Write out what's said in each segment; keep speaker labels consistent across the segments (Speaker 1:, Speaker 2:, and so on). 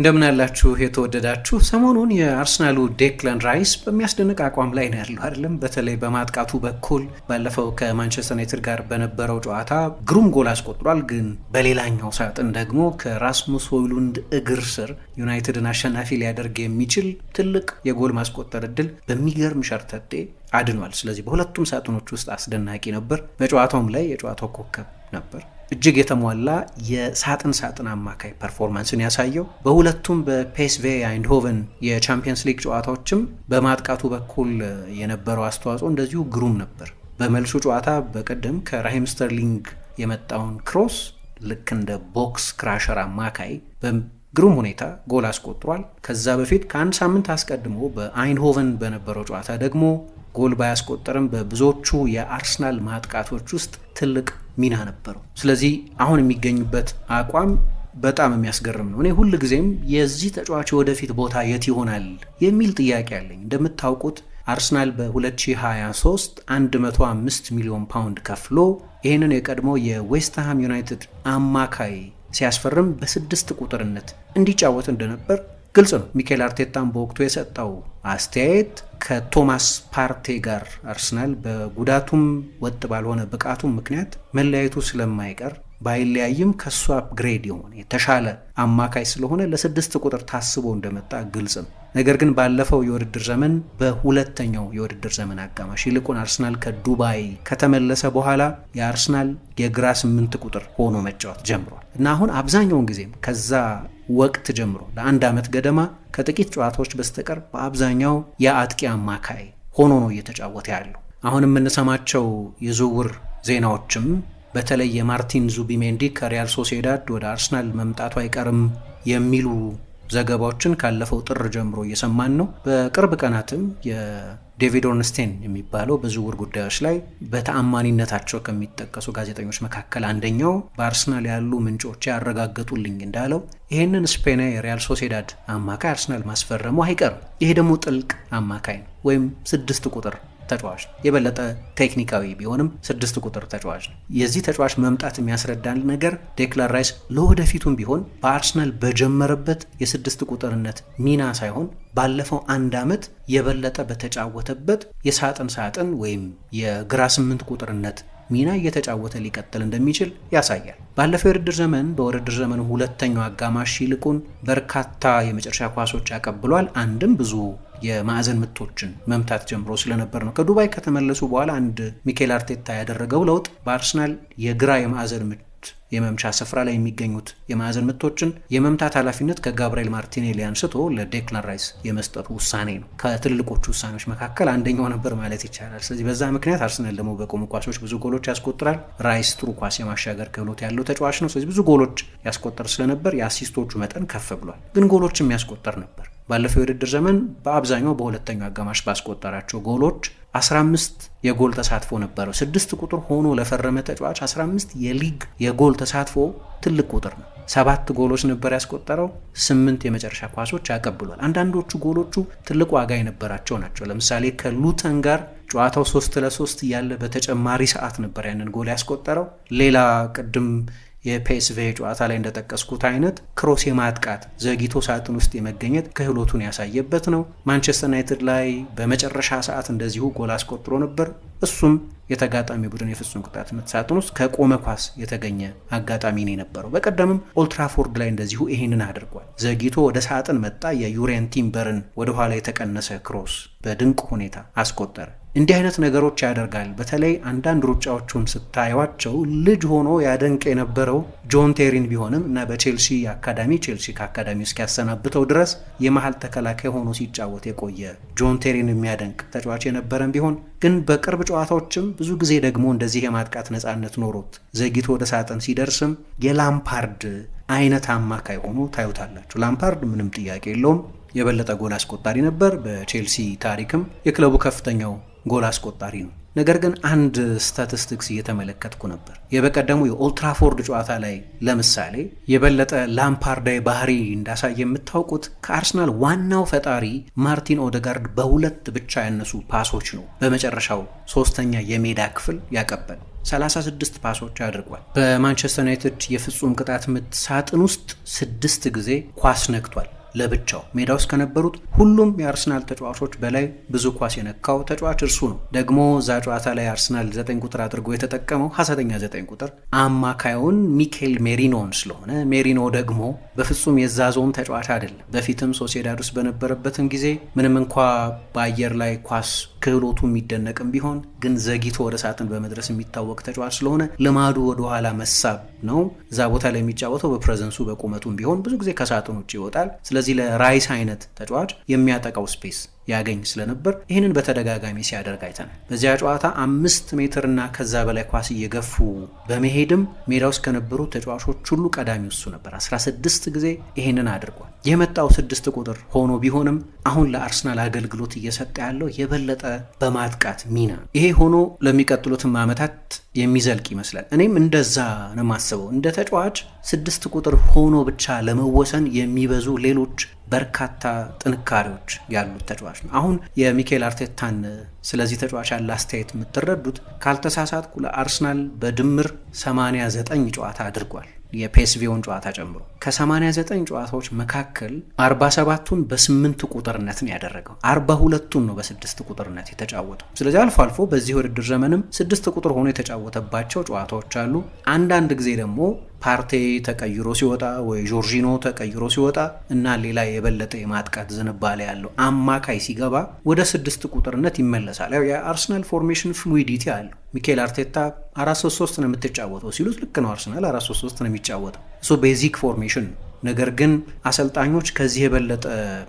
Speaker 1: እንደምን ያላችሁ የተወደዳችሁ። ሰሞኑን የአርሰናሉ ዴክለን ራይስ በሚያስደንቅ አቋም ላይ ነው ያለው አይደለም። በተለይ በማጥቃቱ በኩል ባለፈው ከማንቸስተር ዩናይትድ ጋር በነበረው ጨዋታ ግሩም ጎል አስቆጥሯል። ግን በሌላኛው ሳጥን ደግሞ ከራስሙስ ሆይሉንድ እግር ስር ዩናይትድን አሸናፊ ሊያደርግ የሚችል ትልቅ የጎል ማስቆጠር እድል በሚገርም ሸርተቴ አድኗል። ስለዚህ በሁለቱም ሳጥኖች ውስጥ አስደናቂ ነበር። በጨዋታውም ላይ የጨዋታው ኮከብ ነበር። እጅግ የተሟላ የሳጥን ሳጥን አማካይ ፐርፎርማንስን ያሳየው በሁለቱም በፔስቬ አይንድሆቨን የቻምፒየንስ ሊግ ጨዋታዎችም በማጥቃቱ በኩል የነበረው አስተዋጽኦ እንደዚሁ ግሩም ነበር። በመልሱ ጨዋታ በቀደም ከራሂም ስተርሊንግ የመጣውን ክሮስ ልክ እንደ ቦክስ ክራሸር አማካይ በግሩም ሁኔታ ጎል አስቆጥሯል። ከዛ በፊት ከአንድ ሳምንት አስቀድሞ በአይንሆቨን በነበረው ጨዋታ ደግሞ ጎል ባያስቆጠርም በብዙዎቹ የአርሰናል ማጥቃቶች ውስጥ ትልቅ ሚና ነበረው። ስለዚህ አሁን የሚገኙበት አቋም በጣም የሚያስገርም ነው። እኔ ሁል ጊዜም የዚህ ተጫዋች ወደፊት ቦታ የት ይሆናል የሚል ጥያቄ አለኝ። እንደምታውቁት አርሰናል በ2023 105 ሚሊዮን ፓውንድ ከፍሎ ይህንን የቀድሞ የዌስትሃም ዩናይትድ አማካይ ሲያስፈርም በስድስት ቁጥርነት እንዲጫወት እንደነበር ግልጽ ነው። ሚካኤል አርቴታን በወቅቱ የሰጠው አስተያየት ከቶማስ ፓርቴ ጋር አርሰናል በጉዳቱም ወጥ ባልሆነ ብቃቱም ምክንያት መለያየቱ ስለማይቀር ባይለያይም ከእሱ አፕግሬድ የሆነ የተሻለ አማካይ ስለሆነ ለስድስት ቁጥር ታስቦ እንደመጣ ግልጽ ነው። ነገር ግን ባለፈው የውድድር ዘመን በሁለተኛው የውድድር ዘመን አጋማሽ ይልቁን አርሰናል ከዱባይ ከተመለሰ በኋላ የአርሰናል የግራ ስምንት ቁጥር ሆኖ መጫወት ጀምሯል እና አሁን አብዛኛውን ጊዜም ከዛ ወቅት ጀምሮ ለአንድ ዓመት ገደማ ከጥቂት ጨዋታዎች በስተቀር በአብዛኛው የአጥቂ አማካይ ሆኖ ነው እየተጫወተ ያለው። አሁን የምንሰማቸው የዝውውር ዜናዎችም በተለይ የማርቲን ዙቢሜንዲ ከሪያል ሶሴዳድ ወደ አርሰናል መምጣቱ አይቀርም የሚሉ ዘገባዎችን ካለፈው ጥር ጀምሮ እየሰማን ነው። በቅርብ ቀናትም ዴቪድ ኦርንስቴን የሚባለው በዝውውር ጉዳዮች ላይ በተአማኒነታቸው ከሚጠቀሱ ጋዜጠኞች መካከል አንደኛው በአርሰናል ያሉ ምንጮች ያረጋገጡልኝ እንዳለው ይህንን ስፔናዊ የሪያል ሶሴዳድ አማካይ አርሰናል ማስፈረሙ አይቀርም። ይሄ ደግሞ ጥልቅ አማካይ ነው ወይም ስድስት ቁጥር ተጫዋች ነው። የበለጠ ቴክኒካዊ ቢሆንም ስድስት ቁጥር ተጫዋች ነው። የዚህ ተጫዋች መምጣት የሚያስረዳን ነገር ዴክላን ራይስ ለወደፊቱም ቢሆን በአርሰናል በጀመረበት የስድስት ቁጥርነት ሚና ሳይሆን ባለፈው አንድ ዓመት የበለጠ በተጫወተበት የሳጥን ሳጥን ወይም የግራ ስምንት ቁጥርነት ሚና እየተጫወተ ሊቀጥል እንደሚችል ያሳያል። ባለፈው የውድድር ዘመን በውድድር ዘመኑ ሁለተኛው አጋማሽ ይልቁን በርካታ የመጨረሻ ኳሶች ያቀብሏል። አንድም ብዙ የማዕዘን ምቶችን መምታት ጀምሮ ስለነበር ነው። ከዱባይ ከተመለሱ በኋላ አንድ ሚኬል አርቴታ ያደረገው ለውጥ በአርሰናል የግራ የማዕዘን ምት የመምቻ ስፍራ ላይ የሚገኙት የማዕዘን ምቶችን የመምታት ኃላፊነት ከጋብርኤል ማርቲኔሊ አንስቶ ለዴክላን ራይስ የመስጠቱ ውሳኔ ነው። ከትልልቆቹ ውሳኔዎች መካከል አንደኛው ነበር ማለት ይቻላል። ስለዚህ በዛ ምክንያት አርሰናል ደግሞ በቆሙ ኳሶች ብዙ ጎሎች ያስቆጥራል። ራይስ ጥሩ ኳስ የማሻገር ክህሎት ያለው ተጫዋች ነው። ስለዚህ ብዙ ጎሎች ያስቆጠር ስለነበር የአሲስቶቹ መጠን ከፍ ብሏል። ግን ጎሎች የሚያስቆጠር ነበር። ባለፈው የውድድር ዘመን በአብዛኛው በሁለተኛው አጋማሽ ባስቆጠራቸው ጎሎች 15 የጎል ተሳትፎ ነበረው። ስድስት ቁጥር ሆኖ ለፈረመ ተጫዋች 15 የሊግ የጎል ተሳትፎ ትልቅ ቁጥር ነው። ሰባት ጎሎች ነበር ያስቆጠረው። ስምንት የመጨረሻ ኳሶች ያቀብሏል። አንዳንዶቹ ጎሎቹ ትልቅ ዋጋ የነበራቸው ናቸው። ለምሳሌ ከሉተን ጋር ጨዋታው ሶስት ለሶስት እያለ በተጨማሪ ሰዓት ነበር ያንን ጎል ያስቆጠረው። ሌላ ቅድም የፔስቬ ጨዋታ ላይ እንደጠቀስኩት አይነት ክሮስ የማጥቃት ዘግይቶ ሳጥን ውስጥ የመገኘት ክህሎቱን ያሳየበት ነው። ማንቸስተር ዩናይትድ ላይ በመጨረሻ ሰዓት እንደዚሁ ጎል አስቆጥሮ ነበር። እሱም የተጋጣሚ ቡድን የፍጹም ቅጣት ምት ሳጥን ውስጥ ከቆመ ኳስ የተገኘ አጋጣሚ ነው የነበረው። በቀደምም ኦልትራፎርድ ላይ እንደዚሁ ይሄንን አድርጓል። ዘግይቶ ወደ ሳጥን መጣ። የዩሬን ቲምበርን ወደኋላ የተቀነሰ ክሮስ በድንቅ ሁኔታ አስቆጠረ። እንዲህ አይነት ነገሮች ያደርጋል። በተለይ አንዳንድ ሩጫዎቹን ስታዩቸው ልጅ ሆኖ ያደንቅ የነበረው ጆን ቴሪን ቢሆንም እና በቼልሲ አካዳሚ ቼልሲ ከአካዳሚ እስኪያሰናብተው ድረስ የመሀል ተከላካይ ሆኖ ሲጫወት የቆየ ጆን ቴሪን የሚያደንቅ ተጫዋች የነበረም ቢሆን ግን በቅርብ ጨዋታዎችም ብዙ ጊዜ ደግሞ እንደዚህ የማጥቃት ነፃነት ኖሮት ዘግይቶ ወደ ሳጥን ሲደርስም የላምፓርድ አይነት አማካይ ሆኖ ታዩታላችሁ። ላምፓርድ ምንም ጥያቄ የለውም የበለጠ ጎል አስቆጣሪ ነበር። በቼልሲ ታሪክም የክለቡ ከፍተኛው ጎል አስቆጣሪ ነው። ነገር ግን አንድ ስታቲስቲክስ እየተመለከትኩ ነበር። የበቀደሙ የኦልትራፎርድ ጨዋታ ላይ ለምሳሌ የበለጠ ላምፓርዳዊ ባህሪ እንዳሳየ የምታውቁት ከአርሰናል ዋናው ፈጣሪ ማርቲን ኦደጋርድ በሁለት ብቻ ያነሱ ፓሶች ነው በመጨረሻው ሶስተኛ የሜዳ ክፍል ያቀበል 36 ፓሶች አድርጓል። በማንቸስተር ዩናይትድ የፍጹም ቅጣት ምት ሳጥን ውስጥ ስድስት ጊዜ ኳስ ነክቷል። ለብቻው ሜዳ ውስጥ ከነበሩት ሁሉም የአርሰናል ተጫዋቾች በላይ ብዙ ኳስ የነካው ተጫዋች እርሱ ነው። ደግሞ እዛ ጨዋታ ላይ አርሰናል ዘጠኝ ቁጥር አድርጎ የተጠቀመው ሀሰተኛ ዘጠኝ ቁጥር አማካዩን ሚኬል ሜሪኖን ስለሆነ ሜሪኖ ደግሞ በፍጹም ዞን ተጫዋች አይደለም። በፊትም ሶሴዳድ ውስጥ በነበረበትም ጊዜ ምንም እንኳ በአየር ላይ ኳስ ክህሎቱ የሚደነቅም ቢሆን ግን ዘግይቶ ወደ ሳጥን በመድረስ የሚታወቅ ተጫዋች ስለሆነ ልማዱ ወደኋላ መሳብ ነው። እዛ ቦታ ላይ የሚጫወተው በፕሬዘንሱ በቁመቱም ቢሆን ብዙ ጊዜ ከሳጥን ውጭ ይወጣል። ለዚህ ለራይስ አይነት ተጫዋች የሚያጠቃው ስፔስ ያገኝ ስለነበር ይህንን በተደጋጋሚ ሲያደርግ አይተናል። በዚያ ጨዋታ አምስት ሜትርና ከዛ በላይ ኳስ እየገፉ በመሄድም ሜዳ ውስጥ ከነበሩ ተጫዋቾች ሁሉ ቀዳሚ እሱ ነበር። 16 ጊዜ ይህንን አድርጓል። የመጣው ስድስት ቁጥር ሆኖ ቢሆንም አሁን ለአርሰናል አገልግሎት እየሰጠ ያለው የበለጠ በማጥቃት ሚና ይሄ ሆኖ ለሚቀጥሉትም ዓመታት የሚዘልቅ ይመስላል። እኔም እንደዛ ነው የማስበው። እንደ ተጫዋች ስድስት ቁጥር ሆኖ ብቻ ለመወሰን የሚበዙ ሌሎች በርካታ ጥንካሬዎች ያሉት ተጫዋች ነው። አሁን የሚካኤል አርቴታን ስለዚህ ተጫዋች ያለ አስተያየት የምትረዱት ካልተሳሳትኩ ለአርሰናል በድምር 89 ጨዋታ አድርጓል። የፔስቪውን ጨዋታ ጨምሮ ከ89 ጨዋታዎች መካከል 47ቱን በስምንት ቁጥርነት ነው ያደረገው። 42ቱን ነው በስድስት ቁጥርነት የተጫወተው። ስለዚህ አልፎ አልፎ በዚህ ውድድር ዘመንም ስድስት ቁጥር ሆኖ የተጫወተባቸው ጨዋታዎች አሉ። አንዳንድ ጊዜ ደግሞ ፓርቴ ተቀይሮ ሲወጣ ወይ ጆርጂኖ ተቀይሮ ሲወጣ እና ሌላ የበለጠ የማጥቃት ዝንባሌ ያለው አማካይ ሲገባ ወደ ስድስት ቁጥርነት ይመለሳል። ያው የአርሰናል ፎርሜሽን ፍሉዊዲቲ አለው ሚኬል አርቴታ አራት ሶስት ሶስት ነው የምትጫወተው ሲሉት ልክ ነው፣ አርሰናል አራት ሶስት ሶስት ነው የሚጫወተው። እሱ ቤዚክ ፎርሜሽን ነው። ነገር ግን አሰልጣኞች ከዚህ የበለጠ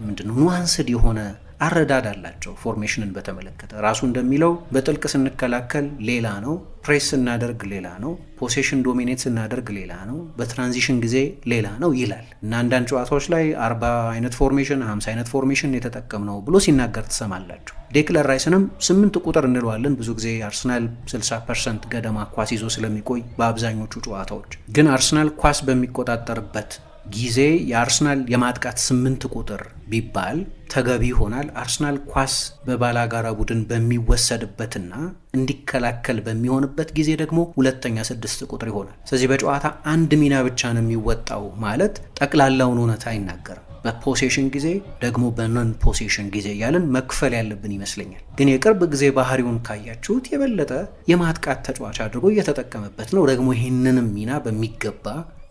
Speaker 1: ምንድነው ኑዋንስድ የሆነ አረዳድ አላቸው። ፎርሜሽንን በተመለከተ ራሱ እንደሚለው በጥልቅ ስንከላከል ሌላ ነው፣ ፕሬስ ስናደርግ ሌላ ነው፣ ፖሴሽን ዶሚኔት ስናደርግ ሌላ ነው፣ በትራንዚሽን ጊዜ ሌላ ነው ይላል እና አንዳንድ ጨዋታዎች ላይ አርባ አይነት ፎርሜሽን ሀምሳ አይነት ፎርሜሽን የተጠቀምነው ብሎ ሲናገር ትሰማላችሁ። ዴክለር ራይስንም ስምንት ቁጥር እንለዋለን ብዙ ጊዜ አርሰናል 60 ፐርሰንት ገደማ ኳስ ይዞ ስለሚቆይ በአብዛኞቹ ጨዋታዎች ግን አርሰናል ኳስ በሚቆጣጠርበት ጊዜ የአርሰናል የማጥቃት ስምንት ቁጥር ቢባል ተገቢ ይሆናል። አርሰናል ኳስ በባላጋራ ቡድን በሚወሰድበትና እንዲከላከል በሚሆንበት ጊዜ ደግሞ ሁለተኛ ስድስት ቁጥር ይሆናል። ስለዚህ በጨዋታ አንድ ሚና ብቻ ነው የሚወጣው ማለት ጠቅላላውን እውነት አይናገርም። በፖሴሽን ጊዜ ደግሞ በነን ፖሴሽን ጊዜ እያለን መክፈል ያለብን ይመስለኛል። ግን የቅርብ ጊዜ ባህሪውን ካያችሁት የበለጠ የማጥቃት ተጫዋች አድርጎ እየተጠቀመበት ነው። ደግሞ ይህንንም ሚና በሚገባ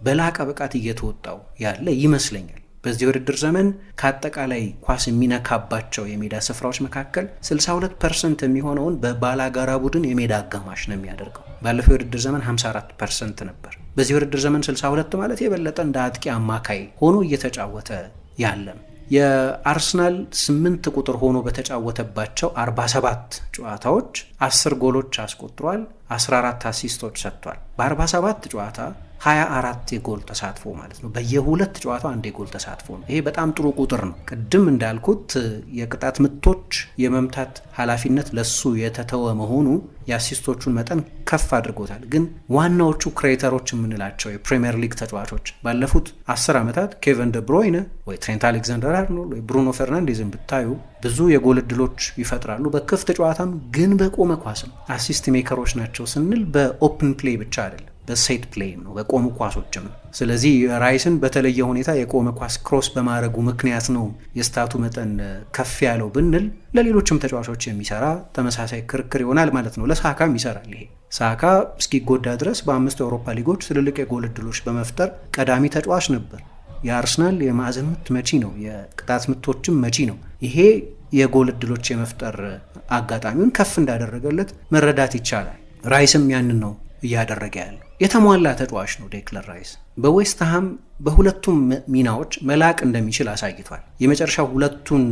Speaker 1: በላቀ ብቃት እየተወጣው ያለ ይመስለኛል። በዚህ የውድድር ዘመን ከአጠቃላይ ኳስ የሚነካባቸው የሜዳ ስፍራዎች መካከል 62 ፐርሰንት የሚሆነውን በባላጋራ ቡድን የሜዳ አጋማሽ ነው የሚያደርገው። ባለፈው የውድድር ዘመን 54 ፐርሰንት ነበር። በዚህ ውድድር ዘመን 62 ማለት የበለጠ እንደ አጥቂ አማካይ ሆኖ እየተጫወተ ያለም የአርሰናል ስምንት ቁጥር ሆኖ በተጫወተባቸው 47 ጨዋታዎች 10 ጎሎች አስቆጥሯል፣ 14 አሲስቶች ሰጥቷል። በ47 ጨዋታ ሀያ አራት የጎል ተሳትፎ ማለት ነው። በየሁለት ጨዋታ አንድ የጎል ተሳትፎ ነው። ይሄ በጣም ጥሩ ቁጥር ነው። ቅድም እንዳልኩት የቅጣት ምቶች የመምታት ኃላፊነት ለሱ የተተወ መሆኑ የአሲስቶቹን መጠን ከፍ አድርጎታል። ግን ዋናዎቹ ክሬተሮች የምንላቸው የፕሪምየር ሊግ ተጫዋቾች ባለፉት አስር ዓመታት ኬቨን ደብሮይነ ወይ ትሬንት አሌክዛንደር አርኖልድ ወይ ብሩኖ ፈርናንዴዝን ብታዩ ብዙ የጎል እድሎች ይፈጥራሉ በክፍት ጨዋታም፣ ግን በቆመ ኳስም አሲስት ሜከሮች ናቸው ስንል በኦፕን ፕሌይ ብቻ አይደለም በሴት ፕሌይም ነው፣ በቆሙ ኳሶችም ስለዚህ ራይስን በተለየ ሁኔታ የቆመ ኳስ ክሮስ በማድረጉ ምክንያት ነው የስታቱ መጠን ከፍ ያለው ብንል ለሌሎችም ተጫዋቾች የሚሰራ ተመሳሳይ ክርክር ይሆናል ማለት ነው። ለሳካም ይሰራል ይሄ ሳካ እስኪጎዳ ድረስ በአምስቱ የአውሮፓ ሊጎች ትልልቅ የጎል እድሎች በመፍጠር ቀዳሚ ተጫዋች ነበር። የአርሰናል የማዕዘን ምት መቺ ነው፣ የቅጣት ምቶችም መቺ ነው። ይሄ የጎል እድሎች የመፍጠር አጋጣሚውን ከፍ እንዳደረገለት መረዳት ይቻላል። ራይስም ያንን ነው እያደረገ ያለው። የተሟላ ተጫዋች ነው። ዴክለን ራይስ በዌስትሃም በሁለቱም ሚናዎች መላቅ እንደሚችል አሳይቷል። የመጨረሻ ሁለቱን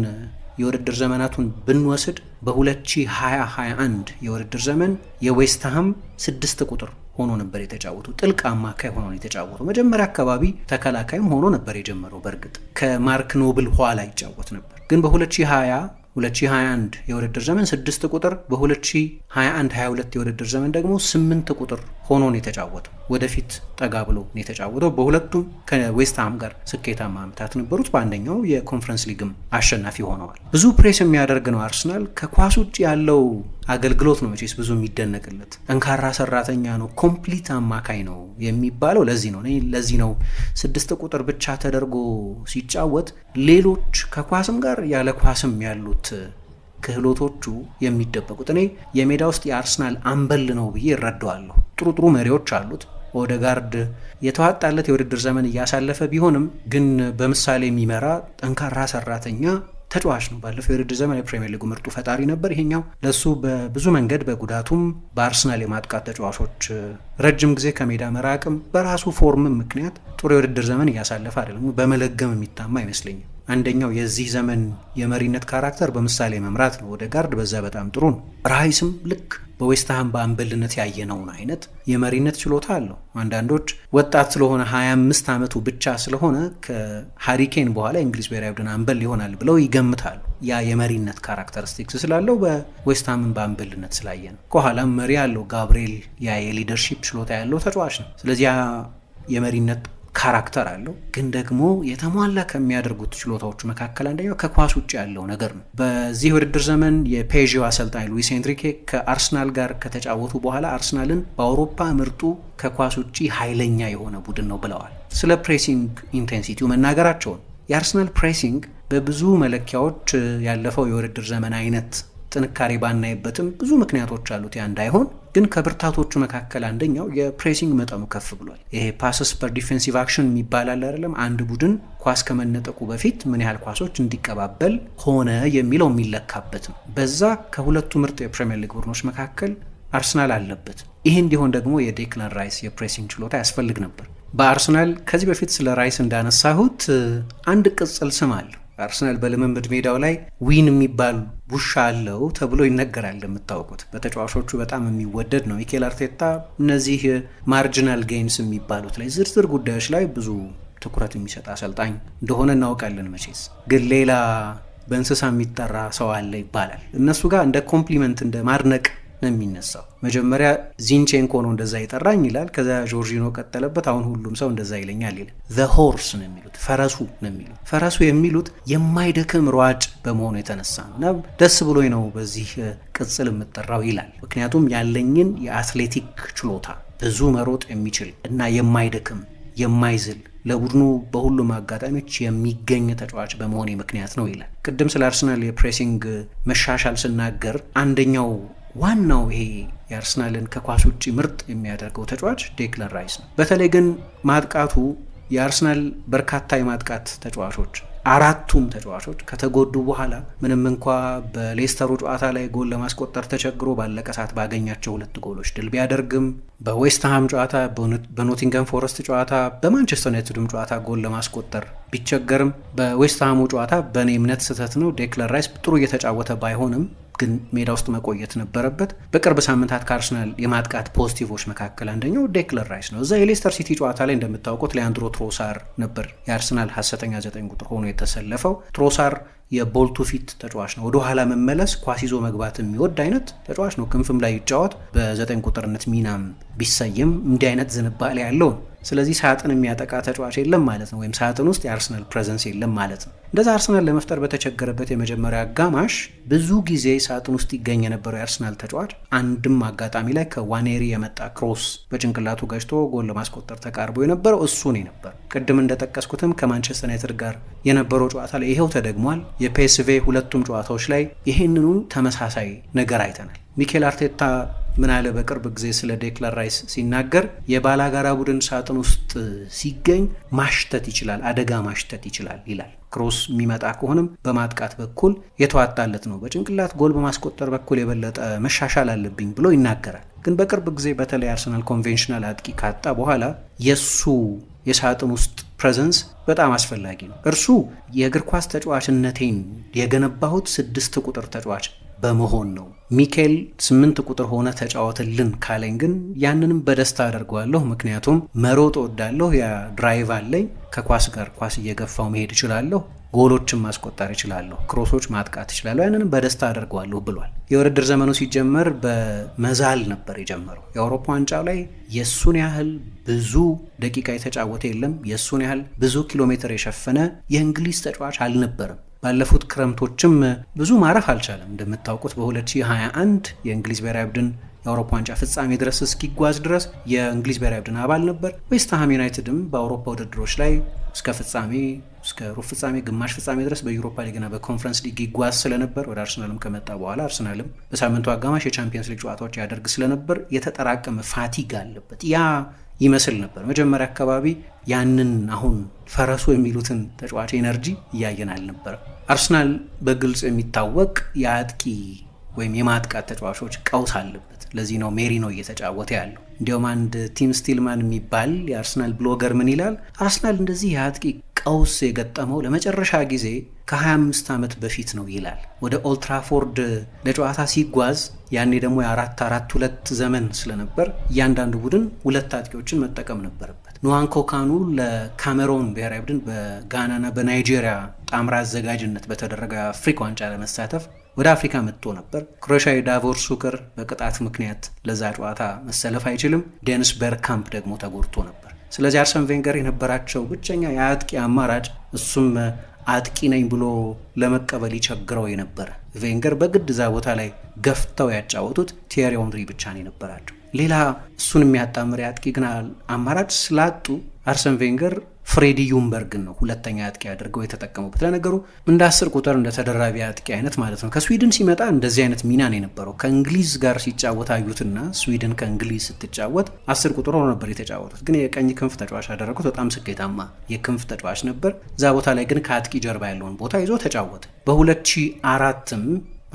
Speaker 1: የውድድር ዘመናቱን ብንወስድ በ 2021 የውድድር ዘመን የዌስትሃም ስድስት ቁጥር ሆኖ ነበር የተጫወቱ። ጥልቅ አማካይ ሆኖ የተጫወቱ። መጀመሪያ አካባቢ ተከላካይም ሆኖ ነበር የጀመረው። በእርግጥ ከማርክ ኖብል ኋላ ይጫወት ነበር፣ ግን በ2020 2021 የውድድር ዘመን 6 ቁጥር በ2021 22 የውድድር ዘመን ደግሞ 8 ቁጥር ሆኖ ነው የተጫወተው። ወደፊት ጠጋ ብሎ ነው የተጫወተው። በሁለቱም ከዌስትሃም ጋር ስኬታማ ዓመታት ነበሩት። በአንደኛው የኮንፈረንስ ሊግም አሸናፊ ሆነዋል። ብዙ ፕሬስ የሚያደርግ ነው አርሰናል። ከኳስ ውጭ ያለው አገልግሎት ነው መቼስ ብዙ የሚደነቅለት። ጠንካራ ሰራተኛ ነው፣ ኮምፕሊት አማካይ ነው የሚባለው ለዚህ ነው። ለዚህ ነው ስድስት ቁጥር ብቻ ተደርጎ ሲጫወት ሌሎች ከኳስም ጋር ያለ ኳስም ያሉት ክህሎቶቹ የሚደበቁት። እኔ የሜዳ ውስጥ የአርሰናል አምበል ነው ብዬ እረዳዋለሁ። ጥሩ ጥሩ መሪዎች አሉት። ኦደጋርድ የተዋጣለት የውድድር ዘመን እያሳለፈ ቢሆንም ግን በምሳሌ የሚመራ ጠንካራ ሰራተኛ ተጫዋች ነው። ባለፈው የውድድር ዘመን የፕሪሚየር ሊጉ ምርጡ ፈጣሪ ነበር። ይሄኛው ለሱ በብዙ መንገድ በጉዳቱም በአርሰናል የማጥቃት ተጫዋቾች ረጅም ጊዜ ከሜዳ መራቅም በራሱ ፎርምም ምክንያት ጥሩ የውድድር ዘመን እያሳለፈ አይደለም። በመለገም የሚታማ አይመስለኝም። አንደኛው የዚህ ዘመን የመሪነት ካራክተር በምሳሌ መምራት ነው። ወደ ጋርድ በዛ በጣም ጥሩ ነው። ራይስም ልክ በዌስትሃም በአምበልነት ያየነውን አይነት የመሪነት ችሎታ አለው። አንዳንዶች ወጣት ስለሆነ 25 ዓመቱ ብቻ ስለሆነ ከሃሪኬን በኋላ የእንግሊዝ ብሔራዊ ቡድን አምበል ይሆናል ብለው ይገምታሉ። ያ የመሪነት ካራክተሪስቲክስ ስላለው በዌስትሃምን በአምበልነት ስላየ ነው። ከኋላም መሪ አለው። ጋብርኤል ያ የሊደርሺፕ ችሎታ ያለው ተጫዋች ነው። ስለዚህ የመሪነት ካራክተር አለው ግን ደግሞ የተሟላ ከሚያደርጉት ችሎታዎቹ መካከል አንደኛው ከኳስ ውጭ ያለው ነገር ነው። በዚህ ውድድር ዘመን የፔዥ አሰልጣኝ ሉዊስ ኤንሪኬ ከአርሰናል ጋር ከተጫወቱ በኋላ አርሰናልን በአውሮፓ ምርጡ ከኳስ ውጭ ኃይለኛ የሆነ ቡድን ነው ብለዋል። ስለ ፕሬሲንግ ኢንቴንሲቲው መናገራቸውን የአርሰናል ፕሬሲንግ በብዙ መለኪያዎች ያለፈው የውድድር ዘመን አይነት ጥንካሬ ባናይበትም ብዙ ምክንያቶች አሉት። ያ እንዳይሆን ግን ከብርታቶቹ መካከል አንደኛው የፕሬሲንግ መጠኑ ከፍ ብሏል። ይሄ ፓስስ ፐር ዲፌንሲቭ አክሽን የሚባል አለ አይደለም? አንድ ቡድን ኳስ ከመነጠቁ በፊት ምን ያህል ኳሶች እንዲቀባበል ሆነ የሚለው የሚለካበት ነው። በዛ ከሁለቱ ምርጥ የፕሪምየር ሊግ ቡድኖች መካከል አርሰናል አለበት። ይህ እንዲሆን ደግሞ የዴክለን ራይስ የፕሬሲንግ ችሎታ ያስፈልግ ነበር። በአርሰናል ከዚህ በፊት ስለ ራይስ እንዳነሳሁት አንድ ቅጽል ስም አለ። አርሰናል በልምምድ ሜዳው ላይ ዊን የሚባል ቡሻ አለው ተብሎ ይነገራል። እንደምታውቁት በተጫዋቾቹ በጣም የሚወደድ ነው። ሚኬል አርቴታ እነዚህ ማርጂናል ጌይንስ የሚባሉት ላይ ዝርዝር ጉዳዮች ላይ ብዙ ትኩረት የሚሰጥ አሰልጣኝ እንደሆነ እናውቃለን። መቼስ ግን ሌላ በእንስሳ የሚጠራ ሰው አለ ይባላል። እነሱ ጋር እንደ ኮምፕሊመንት እንደ ማድነቅ ነው የሚነሳው። መጀመሪያ ዚንቼንኮ ነው እንደዛ ይጠራኝ ይላል። ከዛ ጆርጂኖ ቀጠለበት። አሁን ሁሉም ሰው እንደዛ ይለኛል ይል ዘ ሆርስ ነው የሚሉት ፈረሱ ነው የሚሉት ፈረሱ የሚሉት የማይደክም ሯጭ በመሆኑ የተነሳ ነው እና ደስ ብሎኝ ነው በዚህ ቅጽል የምጠራው ይላል። ምክንያቱም ያለኝን የአትሌቲክ ችሎታ ብዙ መሮጥ የሚችል እና የማይደክም የማይዝል ለቡድኑ በሁሉም አጋጣሚዎች የሚገኝ ተጫዋች በመሆኔ ምክንያት ነው ይላል። ቅድም ስለ አርሰናል የፕሬሲንግ መሻሻል ስናገር አንደኛው ዋናው ይሄ የአርሰናልን ከኳስ ውጭ ምርጥ የሚያደርገው ተጫዋች ዴክለን ራይስ ነው። በተለይ ግን ማጥቃቱ የአርሰናል በርካታ የማጥቃት ተጫዋቾች አራቱም ተጫዋቾች ከተጎዱ በኋላ ምንም እንኳ በሌስተሩ ጨዋታ ላይ ጎል ለማስቆጠር ተቸግሮ ባለቀ ሰዓት ባገኛቸው ሁለት ጎሎች ድል ቢያደርግም በዌስትሃም ጨዋታ፣ በኖቲንገም ፎረስት ጨዋታ፣ በማንቸስተር ዩናይትድም ጨዋታ ጎል ለማስቆጠር ቢቸገርም በዌስትሃሙ ጨዋታ በእኔ እምነት ስህተት ነው ዴክለን ራይስ ጥሩ እየተጫወተ ባይሆንም ግን ሜዳ ውስጥ መቆየት ነበረበት። በቅርብ ሳምንታት ከአርሰናል የማጥቃት ፖዚቲቮች መካከል አንደኛው ዴክለር ራይስ ነው። እዛ የሌስተር ሲቲ ጨዋታ ላይ እንደምታውቁት ሊያንድሮ ትሮሳር ነበር የአርሰናል ሀሰተኛ ዘጠኝ ቁጥር ሆኖ የተሰለፈው። ትሮሳር የቦልቱ ፊት ተጫዋች ነው። ወደኋላ መመለስ፣ ኳስ ይዞ መግባት የሚወድ አይነት ተጫዋች ነው። ክንፍም ላይ ይጫወት፣ በዘጠኝ ቁጥርነት ሚናም ቢሰይም እንዲህ አይነት ዝንባሌ ያለው ስለዚህ ሳጥን የሚያጠቃ ተጫዋች የለም ማለት ነው፣ ወይም ሳጥን ውስጥ የአርሰናል ፕሬዘንስ የለም ማለት ነው። እንደዛ አርሰናል ለመፍጠር በተቸገረበት የመጀመሪያ አጋማሽ ብዙ ጊዜ ሳጥን ውስጥ ይገኝ የነበረው የአርሰናል ተጫዋች አንድም አጋጣሚ ላይ ከዋኔሪ የመጣ ክሮስ በጭንቅላቱ ገጭቶ ጎል ለማስቆጠር ተቃርቦ የነበረው እሱኔ ነበር። ቅድም እንደጠቀስኩትም ከማንቸስተር ዩናይትድ ጋር የነበረው ጨዋታ ላይ ይሄው ተደግሟል። የፔስቬ ሁለቱም ጨዋታዎች ላይ ይህንኑ ተመሳሳይ ነገር አይተናል። ሚኬል አርቴታ ምን አለ በቅርብ ጊዜ ስለ ዴክለር ራይስ ሲናገር የባላጋራ ቡድን ሳጥን ውስጥ ሲገኝ ማሽተት ይችላል፣ አደጋ ማሽተት ይችላል ይላል። ክሮስ የሚመጣ ከሆነም በማጥቃት በኩል የተዋጣለት ነው። በጭንቅላት ጎል በማስቆጠር በኩል የበለጠ መሻሻል አለብኝ ብሎ ይናገራል። ግን በቅርብ ጊዜ በተለይ አርሰናል ኮንቬንሽናል አጥቂ ካጣ በኋላ የእሱ የሳጥን ውስጥ ፕሬዘንስ በጣም አስፈላጊ ነው። እርሱ የእግር ኳስ ተጫዋችነቴን የገነባሁት ስድስት ቁጥር ተጫዋች በመሆን ነው። ሚካኤል ስምንት ቁጥር ሆነ ተጫወትልን ካለኝ ግን ያንንም በደስታ አደርገዋለሁ። ምክንያቱም መሮጥ ወዳለሁ። ያ ድራይቭ አለኝ። ከኳስ ጋር ኳስ እየገፋው መሄድ እችላለሁ። ጎሎችን ማስቆጠር እችላለሁ፣ ክሮሶች ማጥቃት እችላለሁ። ያንንም በደስታ አደርገዋለሁ ብሏል። የውድድር ዘመኑ ሲጀመር በመዛል ነበር የጀመረው። የአውሮፓ ዋንጫው ላይ የእሱን ያህል ብዙ ደቂቃ የተጫወተ የለም። የእሱን ያህል ብዙ ኪሎ ሜትር የሸፈነ የእንግሊዝ ተጫዋች አልነበርም። ባለፉት ክረምቶችም ብዙ ማረፍ አልቻለም። እንደምታውቁት በ2021 የእንግሊዝ ብሔራዊ ቡድን የአውሮፓ ዋንጫ ፍጻሜ ድረስ እስኪጓዝ ድረስ የእንግሊዝ ብሔራዊ ቡድን አባል ነበር። ዌስትሃም ዩናይትድም በአውሮፓ ውድድሮች ላይ እስከ ፍጻሜ እስከ ሩብ ፍጻሜ፣ ግማሽ ፍጻሜ ድረስ በዩሮፓ ሊግና በኮንፈረንስ ሊግ ይጓዝ ስለነበር ወደ አርሰናልም ከመጣ በኋላ አርሰናልም በሳምንቱ አጋማሽ የቻምፒየንስ ሊግ ጨዋታዎች ያደርግ ስለነበር የተጠራቀመ ፋቲግ አለበት ያ ይመስል ነበር። መጀመሪያ አካባቢ ያንን አሁን ፈረሱ የሚሉትን ተጫዋች ኤነርጂ እያየን አልነበረ። አርሰናል በግልጽ የሚታወቅ የአጥቂ ወይም የማጥቃት ተጫዋቾች ቀውስ አለበት። ለዚህ ነው ሜሪኖ እየተጫወተ ያለው። እንዲሁም አንድ ቲም ስቲልማን የሚባል የአርሰናል ብሎገር ምን ይላል? አርሰናል እንደዚህ የአጥቂ ቀውስ የገጠመው ለመጨረሻ ጊዜ ከ25 ዓመት በፊት ነው ይላል። ወደ ኦልትራፎርድ ለጨዋታ ሲጓዝ ያኔ ደግሞ የአራት አራት ሁለት ዘመን ስለነበር እያንዳንዱ ቡድን ሁለት አጥቂዎችን መጠቀም ነበረበት። ኑዋንኮ ካኑ ለካሜሮን ብሔራዊ ቡድን በጋናና በናይጄሪያ ጣምራ አዘጋጅነት በተደረገ የአፍሪካ ዋንጫ ለመሳተፍ ወደ አፍሪካ መጥቶ ነበር። ክሮሻዊ ዳቮር ሱከር በቅጣት ምክንያት ለዛ ጨዋታ መሰለፍ አይችልም። ዴኒስ በርካምፕ ደግሞ ተጎድቶ ነበር። ስለዚህ አርሰን ቬንገር የነበራቸው ብቸኛ የአጥቂ አማራጭ እሱም አጥቂ ነኝ ብሎ ለመቀበል ይቸግረው የነበረ ቬንገር በግድ እዛ ቦታ ላይ ገፍተው ያጫወቱት ቲየሪ ኦንሪ ብቻ ነው የነበራቸው። ሌላ እሱን የሚያጣምር አጥቂ ግን አማራጭ ስላጡ አርሰን ቬንገር ፍሬዲ ዩምበርግን ነው ሁለተኛ አጥቂ አድርገው የተጠቀሙበት። ለነገሩ እንደ አስር ቁጥር እንደ ተደራቢ አጥቂ አይነት ማለት ነው። ከስዊድን ሲመጣ እንደዚህ አይነት ሚና ነው የነበረው። ከእንግሊዝ ጋር ሲጫወት አዩትና ስዊድን ከእንግሊዝ ስትጫወት አስር ቁጥር ሆኖ ነበር የተጫወቱት፣ ግን የቀኝ ክንፍ ተጫዋች አደረጉት። በጣም ስኬታማ የክንፍ ተጫዋች ነበር። እዛ ቦታ ላይ ግን ከአጥቂ ጀርባ ያለውን ቦታ ይዞ ተጫወተ። በ2004ም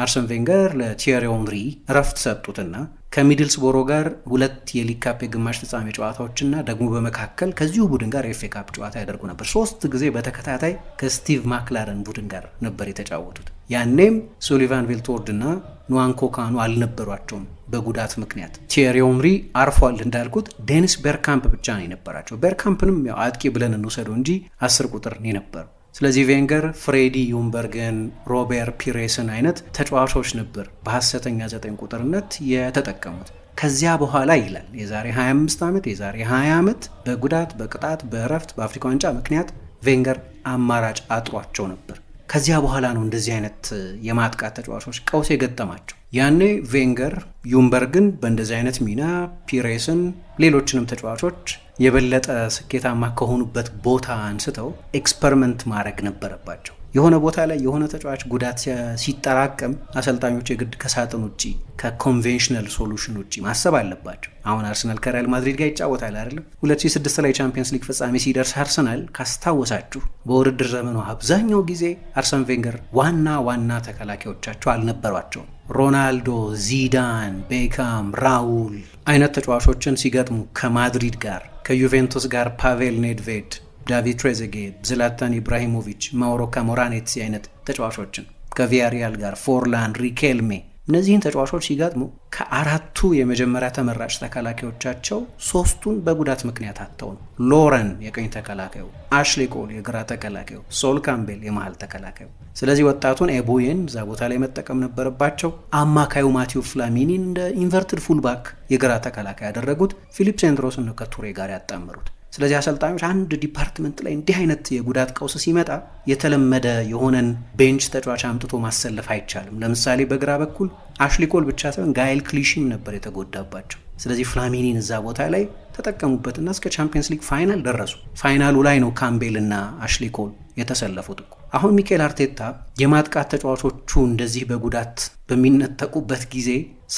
Speaker 1: አርሰን ቬንገር ለቲየሪ ኦንሪ እረፍት ሰጡትና ከሚድልስ ቦሮ ጋር ሁለት የሊግ ካፕ የግማሽ ፍጻሜ ጨዋታዎችና ደግሞ በመካከል ከዚሁ ቡድን ጋር የኤፍ ኤ ካፕ ጨዋታ ያደርጉ ነበር። ሶስት ጊዜ በተከታታይ ከስቲቭ ማክላረን ቡድን ጋር ነበር የተጫወቱት። ያኔም ሱሊቫን ቬልትወርድ እና ኑዋንኮ ካኑ አልነበሯቸውም በጉዳት ምክንያት። ቲየሪ ኦምሪ አርፏል እንዳልኩት፣ ዴኒስ ቤርካምፕ ብቻ ነው የነበራቸው። ቤርካምፕንም ያው አጥቂ ብለን እንውሰደው እንጂ አስር ቁጥር ነው የነበረው። ስለዚህ ቬንገር ፍሬዲ ዩምበርግን፣ ሮቤር ፒሬስን አይነት ተጫዋቾች ነበር በሐሰተኛ ዘጠኝ ቁጥርነት የተጠቀሙት። ከዚያ በኋላ ይላል የዛሬ 25 ዓመት የዛሬ 20 ዓመት በጉዳት በቅጣት በእረፍት በአፍሪካ ዋንጫ ምክንያት ቬንገር አማራጭ አጥሯቸው ነበር። ከዚያ በኋላ ነው እንደዚህ አይነት የማጥቃት ተጫዋቾች ቀውስ የገጠማቸው። ያኔ ቬንገር ዩምበርግን በእንደዚህ አይነት ሚና ፒሬስን፣ ሌሎችንም ተጫዋቾች የበለጠ ስኬታማ ከሆኑበት ቦታ አንስተው ኤክስፐሪመንት ማድረግ ነበረባቸው። የሆነ ቦታ ላይ የሆነ ተጫዋች ጉዳት ሲጠራቅም አሰልጣኞች የግድ ከሳጥን ውጭ ከኮንቬንሽናል ሶሉሽን ውጭ ማሰብ አለባቸው። አሁን አርሰናል ከሪያል ማድሪድ ጋር ይጫወታል አይደለም። 2006 ላይ ቻምፒየንስ ሊግ ፍጻሜ ሲደርስ አርሰናል ካስታወሳችሁ በውድድር ዘመኑ አብዛኛው ጊዜ አርሰን ቬንገር ዋና ዋና ተከላካዮቻቸው አልነበሯቸውም። ሮናልዶ፣ ዚዳን፣ ቤካም፣ ራውል አይነት ተጫዋቾችን ሲገጥሙ ከማድሪድ ጋር ከዩቬንቱስ ጋር ፓቬል ኔድቬድ ዳቪድ ትሬዘጌ፣ ዝላታን ኢብራሂሞቪች፣ ማውሮ ካሞራኔትስ አይነት ተጫዋቾችን ከቪያሪያል ጋር ፎርላን፣ ሪኬልሜ እነዚህን ተጫዋቾች ሲጋጥሙ ከአራቱ የመጀመሪያ ተመራጭ ተከላካዮቻቸው ሶስቱን በጉዳት ምክንያት አጥተው ነው። ሎረን የቀኝ ተከላካዩ፣ አሽሌ ኮል የግራ ተከላካዩ፣ ሶል ካምቤል የመሃል ተከላካዩ። ስለዚህ ወጣቱን ኤቦዬን እዛ ቦታ ላይ መጠቀም ነበረባቸው። አማካዩ ማቲው ፍላሚኒን እንደ ኢንቨርትድ ፉልባክ የግራ ተከላካይ ያደረጉት፣ ፊሊፕ ሴንድሮስን ነው ከቱሬ ጋር ያጣምሩት። ስለዚህ አሰልጣኞች አንድ ዲፓርትመንት ላይ እንዲህ አይነት የጉዳት ቀውስ ሲመጣ የተለመደ የሆነን ቤንች ተጫዋች አምጥቶ ማሰለፍ አይቻልም። ለምሳሌ በግራ በኩል አሽሊኮል ብቻ ሳይሆን ጋይል ክሊሽም ነበር የተጎዳባቸው። ስለዚህ ፍላሚኒን እዛ ቦታ ላይ ተጠቀሙበትና እስከ ቻምፒየንስ ሊግ ፋይናል ደረሱ። ፋይናሉ ላይ ነው ካምቤል እና አሽሊኮል የተሰለፉት እኮ። አሁን ሚኬል አርቴታ የማጥቃት ተጫዋቾቹ እንደዚህ በጉዳት በሚነጠቁበት ጊዜ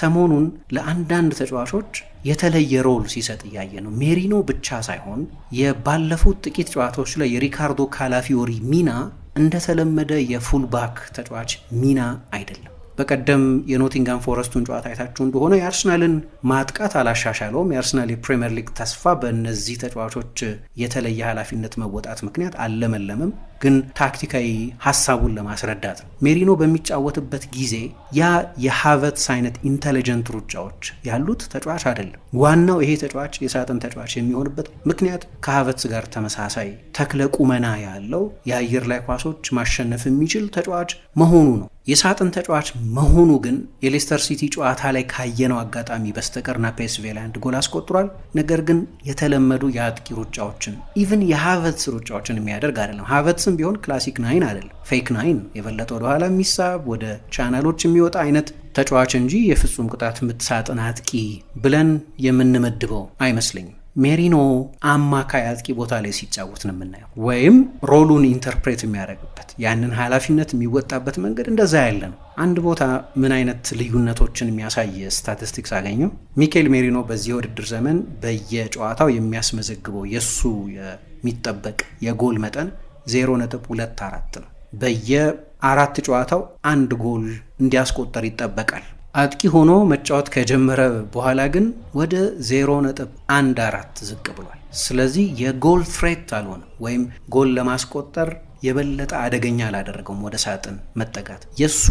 Speaker 1: ሰሞኑን ለአንዳንድ ተጫዋቾች የተለየ ሮል ሲሰጥ እያየ ነው። ሜሪኖ ብቻ ሳይሆን የባለፉት ጥቂት ጨዋታዎች ላይ የሪካርዶ ካላፊዮሪ ሚና እንደተለመደ የፉልባክ ተጫዋች ሚና አይደለም። በቀደም የኖቲንጋም ፎረስቱን ጨዋታ አይታችሁ እንደሆነ የአርሰናልን ማጥቃት አላሻሻለውም። የአርሰናል የፕሪምየር ሊግ ተስፋ በእነዚህ ተጫዋቾች የተለየ ኃላፊነት መወጣት ምክንያት አለመለምም። ግን ታክቲካዊ ሀሳቡን ለማስረዳት ነው። ሜሪኖ በሚጫወትበት ጊዜ ያ የሀቨትስ አይነት ኢንተለጀንት ሩጫዎች ያሉት ተጫዋች አይደለም። ዋናው ይሄ ተጫዋች የሳጥን ተጫዋች የሚሆንበት ምክንያት ከሀቨትስ ጋር ተመሳሳይ ተክለ ቁመና ያለው የአየር ላይ ኳሶች ማሸነፍ የሚችል ተጫዋች መሆኑ ነው። የሳጥን ተጫዋች መሆኑ ግን የሌስተር ሲቲ ጨዋታ ላይ ካየነው አጋጣሚ በስተቀር ፔስቬ ላይ አንድ ጎል አስቆጥሯል። ነገር ግን የተለመዱ የአጥቂ ሩጫዎችን ኢቭን የሀቨትስ ሩጫዎችን የሚያደርግ አይደለም። ሀቨትስም አሁንም ቢሆን ክላሲክ ናይን አይደለም፣ ፌክ ናይን የበለጠ ወደኋላ የሚሳብ ወደ ቻናሎች የሚወጣ አይነት ተጫዋች እንጂ የፍጹም ቅጣት ምት ሳጥን አጥቂ ብለን የምንመድበው አይመስለኝም። ሜሪኖ አማካይ አጥቂ ቦታ ላይ ሲጫወት ነው የምናየው፣ ወይም ሮሉን ኢንተርፕሬት የሚያደርግበት ያንን ኃላፊነት የሚወጣበት መንገድ እንደዛ ያለ ነው። አንድ ቦታ ምን አይነት ልዩነቶችን የሚያሳይ ስታቲስቲክስ አገኘው? ሚኬል ሜሪኖ በዚህ የውድድር ዘመን በየጨዋታው የሚያስመዘግበው የእሱ የሚጠበቅ የጎል መጠን 0.24 ነው። በየአራት ጨዋታው አንድ ጎል እንዲያስቆጠር ይጠበቃል። አጥቂ ሆኖ መጫወት ከጀመረ በኋላ ግን ወደ 0.14 ዝቅ ብሏል። ስለዚህ የጎል ትሬት አልሆነም ወይም ጎል ለማስቆጠር የበለጠ አደገኛ አላደረገውም። ወደ ሳጥን መጠጋት የእሱ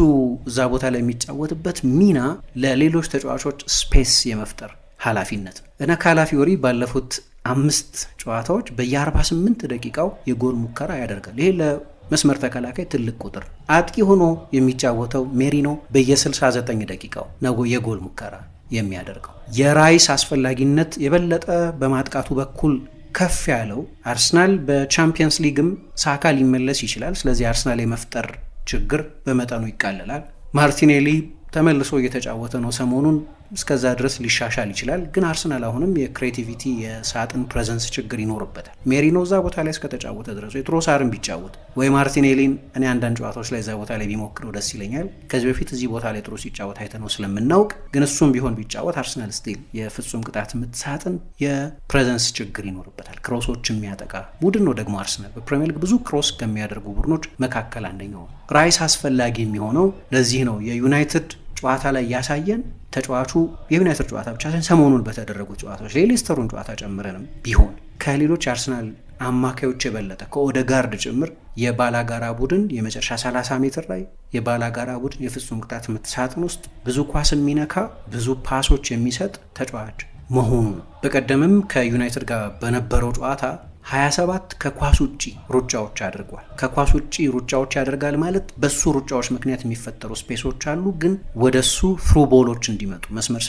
Speaker 1: እዛ ቦታ ላይ የሚጫወትበት ሚና ለሌሎች ተጫዋቾች ስፔስ የመፍጠር ኃላፊነት እና ካላፊዮሪ ባለፉት አምስት ጨዋታዎች በየ48 ደቂቃው የጎል ሙከራ ያደርጋል። ይሄ ለመስመር ተከላካይ ትልቅ ቁጥር። አጥቂ ሆኖ የሚጫወተው ሜሪኖ በየ69 ደቂቃው ነው የጎል ሙከራ የሚያደርገው። የራይስ አስፈላጊነት የበለጠ በማጥቃቱ በኩል ከፍ ያለው አርሰናል በቻምፒየንስ ሊግም ሳካ ሊመለስ ይችላል። ስለዚህ አርሰናል የመፍጠር ችግር በመጠኑ ይቃለላል። ማርቲኔሊ ተመልሶ እየተጫወተ ነው ሰሞኑን እስከዛ ድረስ ሊሻሻል ይችላል። ግን አርሰናል አሁንም የክሬቲቪቲ የሳጥን ፕሬዘንስ ችግር ይኖርበታል። ሜሪኖ እዛ ቦታ ላይ እስከተጫወተ ድረስ ወይ ትሮሳርን ቢጫወት ወይ ማርቲኔሊን እኔ አንዳንድ ጨዋታዎች ላይ እዛ ቦታ ላይ ቢሞክረው ደስ ይለኛል። ከዚህ በፊት እዚህ ቦታ ላይ ጥሩ ሲጫወት አይተነው ስለምናውቅ፣ ግን እሱም ቢሆን ቢጫወት አርሰናል ስቲል የፍጹም ቅጣት ምት ሳጥን የፕሬዘንስ ችግር ይኖርበታል። ክሮሶች የሚያጠቃ ቡድን ነው ደግሞ አርሰናል በፕሪሚየር ሊግ ብዙ ክሮስ ከሚያደርጉ ቡድኖች መካከል አንደኛው ነው። ራይስ አስፈላጊ የሚሆነው ለዚህ ነው የዩናይትድ ጨዋታ ላይ ያሳየን ተጫዋቹ የዩናይትድ ጨዋታ ብቻ ሳይሆን ሰሞኑን በተደረጉት ጨዋታዎች ሌሊስተሩን ጨዋታ ጨምረንም ቢሆን ከሌሎች አርሰናል አማካዮች የበለጠ ከኦደጋርድ ጭምር የባላጋራ ቡድን የመጨረሻ 30 ሜትር ላይ የባላጋራ ቡድን የፍጹም ቅጣት ምት ሳጥን ውስጥ ብዙ ኳስ የሚነካ ብዙ ፓሶች የሚሰጥ ተጫዋች መሆኑ በቀደምም ከዩናይትድ ጋር በነበረው ጨዋታ 27 ከኳስ ውጪ ሩጫዎች አድርጓል። ከኳስ ውጪ ሩጫዎች ያደርጋል ማለት በሱ ሩጫዎች ምክንያት የሚፈጠሩ ስፔሶች አሉ፣ ግን ወደሱ ፍሩ ቦሎች እንዲመጡ መስመር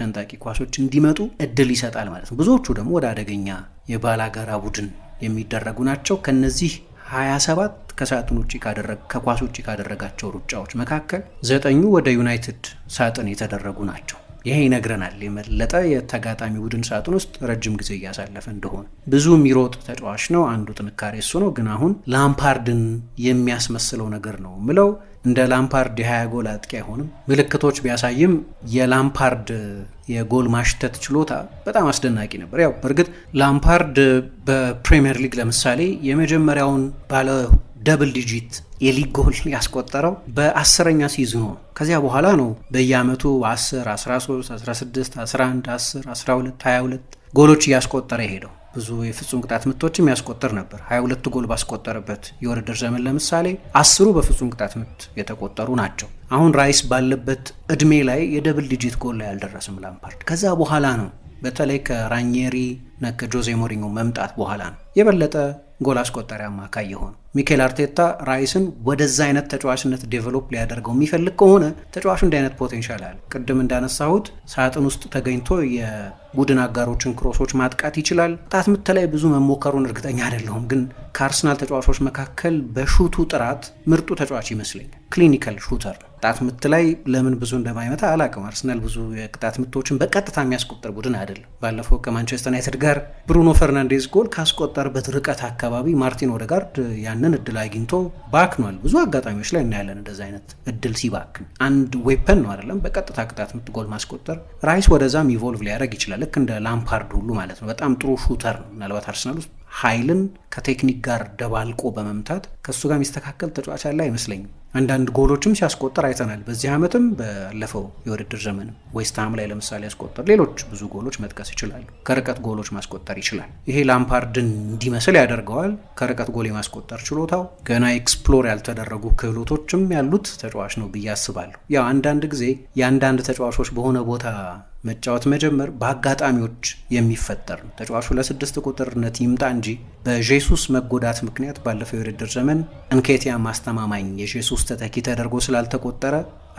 Speaker 1: ሰንጣቂ ኳሶች እንዲመጡ እድል ይሰጣል ማለት ነው። ብዙዎቹ ደግሞ ወደ አደገኛ የባላጋራ ቡድን የሚደረጉ ናቸው። ከነዚህ 27 ከሳጥን ውጭ ከኳስ ውጭ ካደረጋቸው ሩጫዎች መካከል ዘጠኙ ወደ ዩናይትድ ሳጥን የተደረጉ ናቸው። ይሄ ይነግረናል የመለጠ የተጋጣሚ ቡድን ሳጥን ውስጥ ረጅም ጊዜ እያሳለፈ እንደሆነ። ብዙ የሚሮጥ ተጫዋች ነው፣ አንዱ ጥንካሬ እሱ ነው። ግን አሁን ላምፓርድን የሚያስመስለው ነገር ነው ምለው እንደ ላምፓርድ የሀያ ጎል አጥቂ አይሆንም። ምልክቶች ቢያሳይም የላምፓርድ የጎል ማሽተት ችሎታ በጣም አስደናቂ ነበር። ያው በእርግጥ ላምፓርድ በፕሪምየር ሊግ ለምሳሌ የመጀመሪያውን ባለ ደብል ዲጂት የሊግ ጎል ያስቆጠረው በአስረኛ ሲዝኑ ነው። ከዚያ በኋላ ነው በየአመቱ 10፣ 13፣ 16፣ 11፣ 10፣ 12፣ 22 ጎሎች እያስቆጠረ የሄደው። ብዙ የፍጹም ቅጣት ምቶችም ያስቆጠር ነበር። 22 ጎል ባስቆጠረበት የውድድር ዘመን ለምሳሌ አስሩ በፍጹም ቅጣት ምት የተቆጠሩ ናቸው። አሁን ራይስ ባለበት እድሜ ላይ የደብል ዲጂት ጎል ላይ አልደረስም ላምፓርድ። ከዛ በኋላ ነው በተለይ ከራኒሪ እና ከጆዜ ሞሪኞ መምጣት በኋላ ነው የበለጠ ጎል አስቆጠሪ አማካይ የሆኑ ሚካኤል አርቴታ ራይስን ወደዛ አይነት ተጫዋችነት ዴቨሎፕ ሊያደርገው የሚፈልግ ከሆነ ተጫዋቹ እንዲህ አይነት ፖቴንሻል አለ። ቅድም እንዳነሳሁት ሳጥን ውስጥ ተገኝቶ የቡድን አጋሮችን ክሮሶች ማጥቃት ይችላል። ጣት ምት ላይ ብዙ መሞከሩን እርግጠኛ አይደለሁም፣ ግን ከአርሰናል ተጫዋቾች መካከል በሹቱ ጥራት ምርጡ ተጫዋች ይመስለኛል። ክሊኒካል ሹተር ነው። ቅጣት ምት ላይ ለምን ብዙ እንደማይመታ አላቅም። አርሰናል ብዙ የቅጣት ምቶችን በቀጥታ የሚያስቆጠር ቡድን አይደለም። ባለፈው ከማንቸስተር ዩናይትድ ጋር ብሩኖ ፈርናንዴዝ ጎል ካስቆጠርበት ርቀት አካባቢ ማርቲን ኦደጋርድ ያንን እድል አግኝቶ ባክኗል። ብዙ አጋጣሚዎች ላይ እናያለን እንደዚ አይነት እድል ሲባክ አንድ ዌፐን ነው አይደለም፣ በቀጥታ ቅጣት ምት ጎል ማስቆጠር። ራይስ ወደዛም ኢቮልቭ ሊያደርግ ይችላል፣ ልክ እንደ ላምፓርድ ሁሉ ማለት ነው። በጣም ጥሩ ሹተር ነው። ምናልባት አርሰናል ውስጥ ኃይልን ከቴክኒክ ጋር ደባልቆ በመምታት ከእሱ ጋር የሚስተካከል ተጫዋች አለ አይመስለኝም። አንዳንድ ጎሎችም ሲያስቆጠር አይተናል። በዚህ ዓመትም ባለፈው የውድድር ዘመን ዌስትሃም ላይ ለምሳሌ ያስቆጠር፣ ሌሎች ብዙ ጎሎች መጥቀስ ይችላሉ። ከርቀት ጎሎች ማስቆጠር ይችላል። ይሄ ላምፓርድን እንዲመስል ያደርገዋል። ከርቀት ጎል የማስቆጠር ችሎታው ገና ኤክስፕሎር ያልተደረጉ ክህሎቶችም ያሉት ተጫዋች ነው ብዬ አስባለሁ። ያው አንዳንድ ጊዜ የአንዳንድ ተጫዋቾች በሆነ ቦታ መጫወት መጀመር በአጋጣሚዎች የሚፈጠር ነው። ተጫዋቹ ለስድስት ቁጥርነት ይምጣ እንጂ በጄሱስ መጎዳት ምክንያት ባለፈው የውድድር ዘመን እንኬቲያ ማስተማማኝ የጄሱስ ተተኪ ተደርጎ ስላልተቆጠረ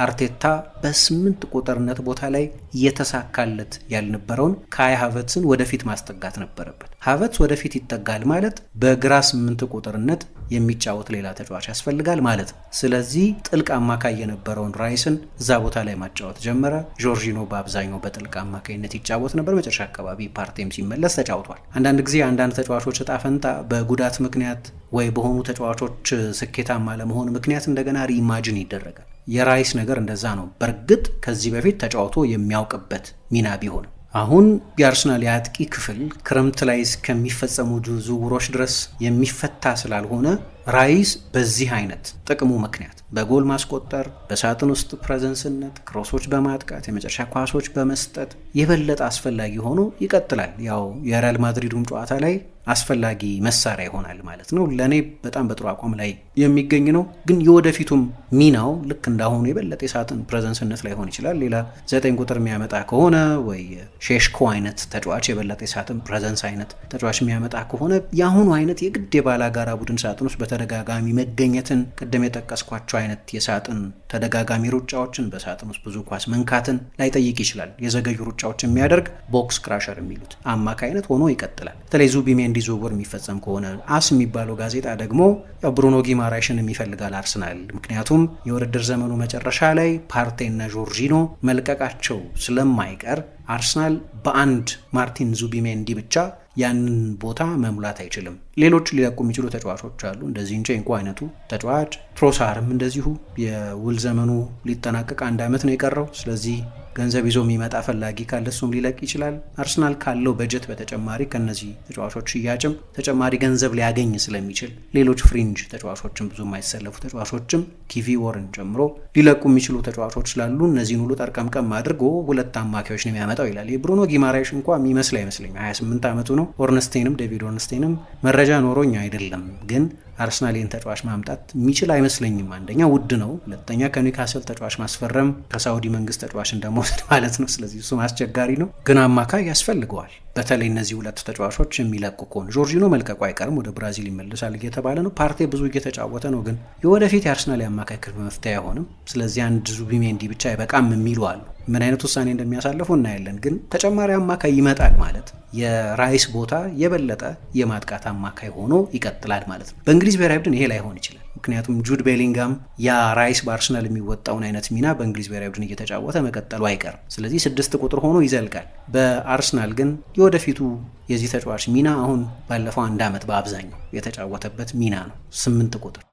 Speaker 1: አርቴታ በስምንት ቁጥርነት ቦታ ላይ እየተሳካለት ያልነበረውን ካይ ሀቨትስን ወደፊት ማስጠጋት ነበረበት። ሀቨትስ ወደፊት ይጠጋል ማለት በግራ ስምንት ቁጥርነት የሚጫወት ሌላ ተጫዋች ያስፈልጋል ማለት ነው። ስለዚህ ጥልቅ አማካይ የነበረውን ራይስን እዛ ቦታ ላይ ማጫወት ጀመረ። ጆርጂኖ በአብዛኛው በጥልቅ አማካይነት ይጫወት ነበር። መጨረሻ አካባቢ ፓርቴም ሲመለስ ተጫውቷል። አንዳንድ ጊዜ አንዳንድ ተጫዋቾች እጣ ፈንታ በጉዳት ምክንያት ወይ በሆኑ ተጫዋቾች ስኬታማ ለመሆን ምክንያት እንደገና ሪኢማጅን ይደረጋል። የራይስ ነገር እንደዛ ነው። በእርግጥ ከዚህ በፊት ተጫውቶ የሚያውቅበት ሚና ቢሆን አሁን የአርሰናል የአጥቂ ክፍል ክረምት ላይ እስከሚፈጸሙ ዝውውሮች ድረስ የሚፈታ ስላልሆነ ራይስ በዚህ አይነት ጥቅሙ ምክንያት በጎል ማስቆጠር፣ በሳጥን ውስጥ ፕሬዘንስነት፣ ክሮሶች በማጥቃት የመጨረሻ ኳሶች በመስጠት የበለጠ አስፈላጊ ሆኖ ይቀጥላል። ያው የሪያል ማድሪዱም ጨዋታ ላይ አስፈላጊ መሳሪያ ይሆናል ማለት ነው። ለእኔ በጣም በጥሩ አቋም ላይ የሚገኝ ነው። ግን የወደፊቱም ሚናው ልክ እንዳሁኑ የበለጠ የሳጥን ፕሬዘንስነት ላይ ሆን ይችላል። ሌላ ዘጠኝ ቁጥር የሚያመጣ ከሆነ ወይ ሼሽኮ አይነት ተጫዋች የበለጠ የሳጥን ፕሬዘንስ አይነት ተጫዋች የሚያመጣ ከሆነ የአሁኑ አይነት የግድ የባላጋራ ቡድን ሳጥን ውስጥ በተደጋጋሚ መገኘትን፣ ቅድም የጠቀስኳቸው አይነት የሳጥን ተደጋጋሚ ሩጫዎችን፣ በሳጥን ውስጥ ብዙ ኳስ መንካትን ላይጠይቅ ይችላል። የዘገዩ ሩጫዎች የሚያደርግ ቦክስ ክራሸር የሚሉት አማካይ አይነት ሆኖ ይቀጥላል። በተለይ ዙቢሜንዲ ዝውውር የሚፈጸም ከሆነ አስ የሚባለው ጋዜጣ ደግሞ ብሩኖ ጊማራይሽን የሚፈልጋል አርሰናል። ምክንያቱም የውድድር ዘመኑ መጨረሻ ላይ ፓርቴና ጆርጂኖ መልቀቃቸው ስለማይቀር አርሰናል በአንድ ማርቲን ዙቢሜንዲ ብቻ ያንን ቦታ መሙላት አይችልም። ሌሎች ሊለቁ የሚችሉ ተጫዋቾች አሉ። እንደዚህ እንቼንኮ አይነቱ ተጫዋች፣ ትሮሳርም እንደዚሁ የውል ዘመኑ ሊጠናቀቅ አንድ ዓመት ነው የቀረው። ስለዚህ ገንዘብ ይዞ የሚመጣ ፈላጊ ካለ እሱም ሊለቅ ይችላል። አርሰናል ካለው በጀት በተጨማሪ ከነዚህ ተጫዋቾች ሽያጭም ተጨማሪ ገንዘብ ሊያገኝ ስለሚችል ሌሎች ፍሪንጅ ተጫዋቾችም ብዙ የማይሰለፉ ተጫዋቾችም ኪቪ ወርን ጨምሮ ሊለቁ የሚችሉ ተጫዋቾች ስላሉ እነዚህን ሁሉ ጠርቀምቀም አድርጎ ሁለት አማካዮች ነው የሚያመጣው ይላል። የብሩኖ ጊማራይሽ እንኳ የሚመስል አይመስለኝም። 28 ዓመቱ ነው። ኦርንስቴንም ዴቪድ ኦርንስቴንም መረጃ ኖሮኝ አይደለም ግን አርሰናል ይህን ተጫዋች ማምጣት የሚችል አይመስለኝም። አንደኛ ውድ ነው፣ ሁለተኛ ከኒውካስል ተጫዋች ማስፈረም ከሳውዲ መንግስት ተጫዋች እንደመውሰድ ማለት ነው። ስለዚህ እሱም አስቸጋሪ ነው፣ ግን አማካይ ያስፈልገዋል። በተለይ እነዚህ ሁለት ተጫዋቾች የሚለቁ ከሆነ ጆርጂኖ መልቀቁ አይቀርም፣ ወደ ብራዚል ይመልሳል እየተባለ ነው። ፓርቴ ብዙ እየተጫወተ ነው፣ ግን የወደፊት የአርሰናል የአማካይ ክፍል መፍትሄ አይሆንም። ስለዚህ አንድ ዙቢሜንዲ ብቻ አይበቃም የሚሉ አሉ። ምን አይነት ውሳኔ እንደሚያሳልፉ እናያለን። ግን ተጨማሪ አማካይ ይመጣል ማለት የራይስ ቦታ የበለጠ የማጥቃት አማካይ ሆኖ ይቀጥላል ማለት ነው። በእንግሊዝ ብሔራዊ ቡድን ይሄ ላይሆን ይችላል። ምክንያቱም ጁድ ቤሊንጋም ያ ራይስ በአርሰናል የሚወጣውን አይነት ሚና በእንግሊዝ ብሔራዊ ቡድን እየተጫወተ መቀጠሉ አይቀርም። ስለዚህ ስድስት ቁጥር ሆኖ ይዘልቃል። በአርሰናል ግን የወደፊቱ የዚህ ተጫዋች ሚና አሁን ባለፈው አንድ ዓመት በአብዛኛው የተጫወተበት ሚና ነው፣ ስምንት ቁጥር